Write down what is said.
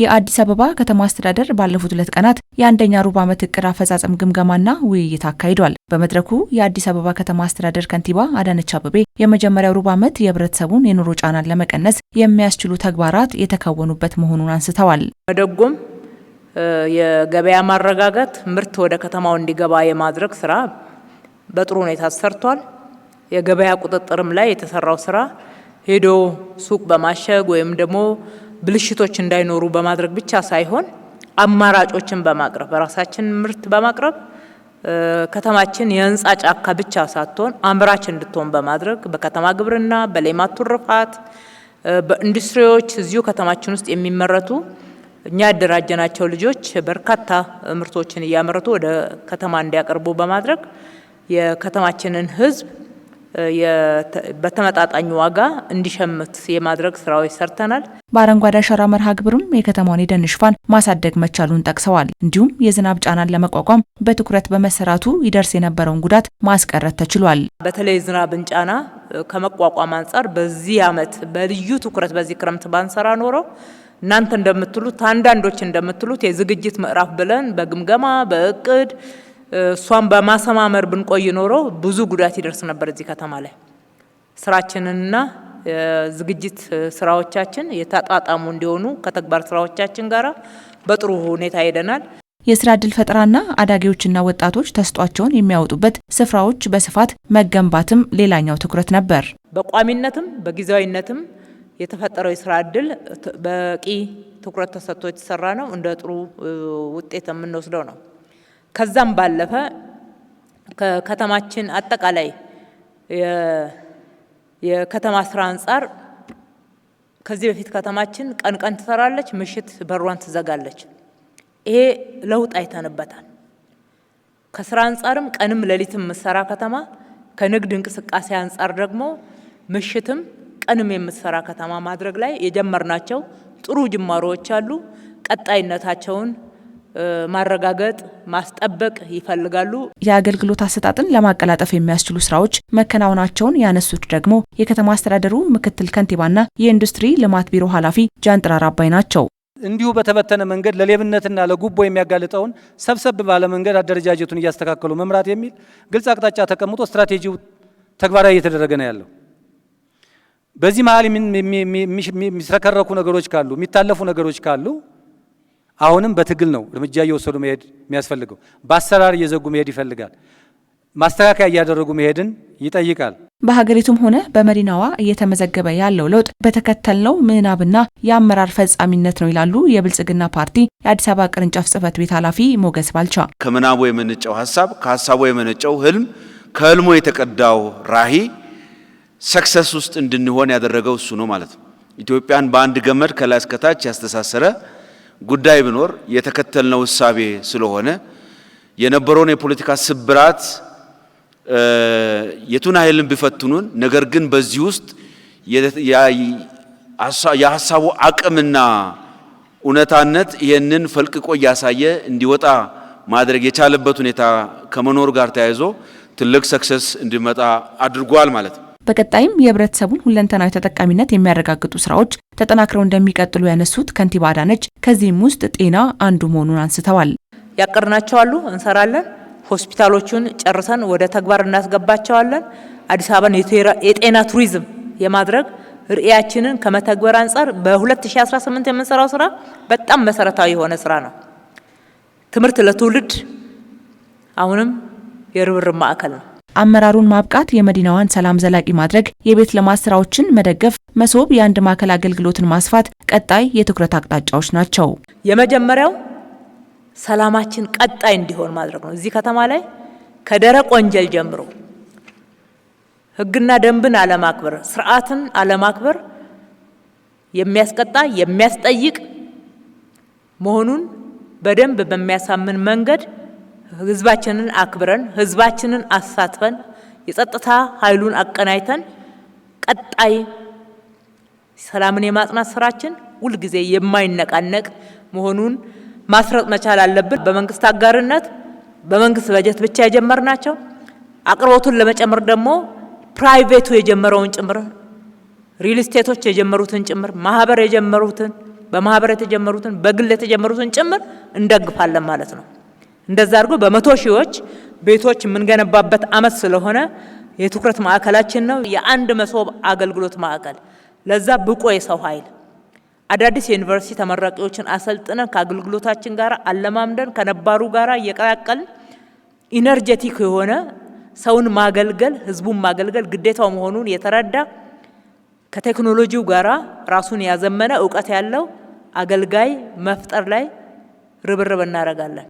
የአዲስ አበባ ከተማ አስተዳደር ባለፉት ሁለት ቀናት የአንደኛ ሩብ ዓመት እቅድ አፈጻጸም ግምገማና ውይይት አካሂዷል። በመድረኩ የአዲስ አበባ ከተማ አስተዳደር ከንቲባ አዳነች አበቤ የመጀመሪያው ሩብ ዓመት የህብረተሰቡን የኑሮ ጫናን ለመቀነስ የሚያስችሉ ተግባራት የተከወኑበት መሆኑን አንስተዋል። መደጎም፣ የገበያ ማረጋጋት፣ ምርት ወደ ከተማው እንዲገባ የማድረግ ስራ በጥሩ ሁኔታ ተሰርቷል። የገበያ ቁጥጥርም ላይ የተሰራው ስራ ሄዶ ሱቅ በማሸግ ወይም ደግሞ ብልሽቶች እንዳይኖሩ በማድረግ ብቻ ሳይሆን አማራጮችን በማቅረብ በራሳችን ምርት በማቅረብ ከተማችን የህንፃ ጫካ ብቻ ሳትሆን አምራች እንድትሆን በማድረግ በከተማ ግብርና፣ በሌማት ትሩፋት፣ በኢንዱስትሪዎች እዚሁ ከተማችን ውስጥ የሚመረቱ እኛ ያደራጀናቸው ልጆች በርካታ ምርቶችን እያመረቱ ወደ ከተማ እንዲያቀርቡ በማድረግ የከተማችንን ህዝብ በተመጣጣኝ ዋጋ እንዲሸምት የማድረግ ስራዎች ሰርተናል። በአረንጓዴ አሻራ መርሃ ግብርም የከተማውን የደን ሽፋን ማሳደግ መቻሉን ጠቅሰዋል። እንዲሁም የዝናብ ጫናን ለመቋቋም በትኩረት በመሰራቱ ይደርስ የነበረውን ጉዳት ማስቀረት ተችሏል። በተለይ ዝናብን ጫና ከመቋቋም አንጻር በዚህ ዓመት በልዩ ትኩረት በዚህ ክረምት ባንሰራ ኖረው እናንተ እንደምትሉት አንዳንዶች እንደምትሉት የዝግጅት ምዕራፍ ብለን በግምገማ በእቅድ እሷን በማሰማመር ብንቆይ ኖሮ ብዙ ጉዳት ይደርስ ነበር እዚህ ከተማ ላይ። ስራችንንና ዝግጅት ስራዎቻችን የተጣጣሙ እንዲሆኑ ከተግባር ስራዎቻችን ጋራ በጥሩ ሁኔታ ሄደናል። የስራ እድል ፈጠራና አዳጊዎችና ወጣቶች ተስጧቸውን የሚያወጡበት ስፍራዎች በስፋት መገንባትም ሌላኛው ትኩረት ነበር። በቋሚነትም በጊዜያዊነትም የተፈጠረው የስራ እድል በቂ ትኩረት ተሰጥቶ የተሰራ ነው። እንደ ጥሩ ውጤት የምንወስደው ነው። ከዛም ባለፈ ከከተማችን አጠቃላይ የከተማ ስራ አንጻር ከዚህ በፊት ከተማችን ቀን ቀን ትሰራለች፣ ምሽት በሯን ትዘጋለች። ይሄ ለውጥ አይተንበታል። ከስራ አንጻርም ቀንም ሌሊትም የምትሰራ ከተማ፣ ከንግድ እንቅስቃሴ አንጻር ደግሞ ምሽትም ቀንም የምትሰራ ከተማ ማድረግ ላይ የጀመርናቸው ጥሩ ጅማሮዎች አሉ። ቀጣይነታቸውን ማረጋገጥ ማስጠበቅ ይፈልጋሉ። የአገልግሎት አሰጣጥን ለማቀላጠፍ የሚያስችሉ ስራዎች መከናወናቸውን ያነሱት ደግሞ የከተማ አስተዳደሩ ምክትል ከንቲባና የኢንዱስትሪ ልማት ቢሮ ኃላፊ ጃንጥራር አባይ ናቸው። እንዲሁ በተበተነ መንገድ ለሌብነትና ለጉቦ የሚያጋልጠውን ሰብሰብ ባለ መንገድ አደረጃጀቱን እያስተካከሉ መምራት የሚል ግልጽ አቅጣጫ ተቀምጦ ስትራቴጂው ተግባራዊ እየተደረገ ነው ያለው። በዚህ መሀል የሚስረከረኩ ነገሮች ካሉ የሚታለፉ ነገሮች ካሉ አሁንም በትግል ነው እርምጃ እየወሰዱ መሄድ የሚያስፈልገው። በአሰራር እየዘጉ መሄድ ይፈልጋል። ማስተካከያ እያደረጉ መሄድን ይጠይቃል። በሀገሪቱም ሆነ በመዲናዋ እየተመዘገበ ያለው ለውጥ በተከተልነው ምናብና የአመራር ፈጻሚነት ነው ይላሉ የብልጽግና ፓርቲ የአዲስ አበባ ቅርንጫፍ ጽህፈት ቤት ኃላፊ ሞገስ ባልቻ። ከምናቡ የመነጨው ሀሳብ፣ ከሀሳቡ የመነጨው ህልም፣ ከህልሞ የተቀዳው ራሂ ሰክሰስ ውስጥ እንድንሆን ያደረገው እሱ ነው ማለት ነው። ኢትዮጵያን በአንድ ገመድ ከላይ እስከታች ያስተሳሰረ ጉዳይ ቢኖር የተከተልነው እሳቤ ስለሆነ የነበረውን የፖለቲካ ስብራት የቱን ኃይልን ቢፈትኑን፣ ነገር ግን በዚህ ውስጥ የሀሳቡ አቅምና እውነታነት ይህንን ፈልቅቆ እያሳየ እንዲወጣ ማድረግ የቻለበት ሁኔታ ከመኖር ጋር ተያይዞ ትልቅ ሰክሰስ እንዲመጣ አድርጓል ማለት ነው። በቀጣይም የህብረተሰቡን ሁለንተናዊ ተጠቃሚነት የሚያረጋግጡ ስራዎች ተጠናክረው እንደሚቀጥሉ ያነሱት ከንቲባ አዳነች ከዚህም ውስጥ ጤና አንዱ መሆኑን አንስተዋል። ያቀድናቸው አሉ እንሰራለን። ሆስፒታሎቹን ጨርሰን ወደ ተግባር እናስገባቸዋለን። አዲስ አበባን የጤና ቱሪዝም የማድረግ ርዕያችንን ከመተግበር አንጻር በ2018 የምንሰራው ስራ በጣም መሰረታዊ የሆነ ስራ ነው። ትምህርት ለትውልድ አሁንም የርብርብ ማዕከል ነው። አመራሩን ማብቃት፣ የመዲናዋን ሰላም ዘላቂ ማድረግ፣ የቤት ልማት ስራዎችን መደገፍ፣ መሶብ የአንድ ማዕከል አገልግሎትን ማስፋት ቀጣይ የትኩረት አቅጣጫዎች ናቸው። የመጀመሪያው ሰላማችን ቀጣይ እንዲሆን ማድረግ ነው። እዚህ ከተማ ላይ ከደረቅ ወንጀል ጀምሮ ሕግና ደንብን አለማክበር፣ ስርዓትን አለማክበር የሚያስቀጣ የሚያስጠይቅ መሆኑን በደንብ በሚያሳምን መንገድ ህዝባችንን አክብረን ህዝባችንን አሳትፈን የጸጥታ ኃይሉን አቀናይተን ቀጣይ ሰላምን የማጽናት ስራችን ሁልጊዜ የማይነቃነቅ መሆኑን ማስረጥ መቻል አለብን። በመንግስት አጋርነት በመንግስት በጀት ብቻ የጀመር ናቸው። አቅርቦቱን ለመጨመር ደግሞ ፕራይቬቱ የጀመረውን ጭምር ሪል ስቴቶች የጀመሩትን ጭምር ማህበር የጀመሩትን በማህበር የተጀመሩትን በግል የተጀመሩትን ጭምር እንደግፋለን ማለት ነው። እንደዛ አድርጎ በመቶ ሺዎች ቤቶች የምንገነባበት አመት ስለሆነ የትኩረት ማዕከላችን ነው። የአንድ መሶብ አገልግሎት ማዕከል ለዛ ብቆ የሰው ኃይል አዳዲስ የዩኒቨርሲቲ ተመራቂዎችን አሰልጥነን ከአገልግሎታችን ጋር አለማምደን ከነባሩ ጋር እየቀላቀልን ኢነርጀቲክ የሆነ ሰውን ማገልገል ህዝቡን ማገልገል ግዴታው መሆኑን የተረዳ ከቴክኖሎጂው ጋራ ራሱን ያዘመነ እውቀት ያለው አገልጋይ መፍጠር ላይ ርብርብ እናደርጋለን።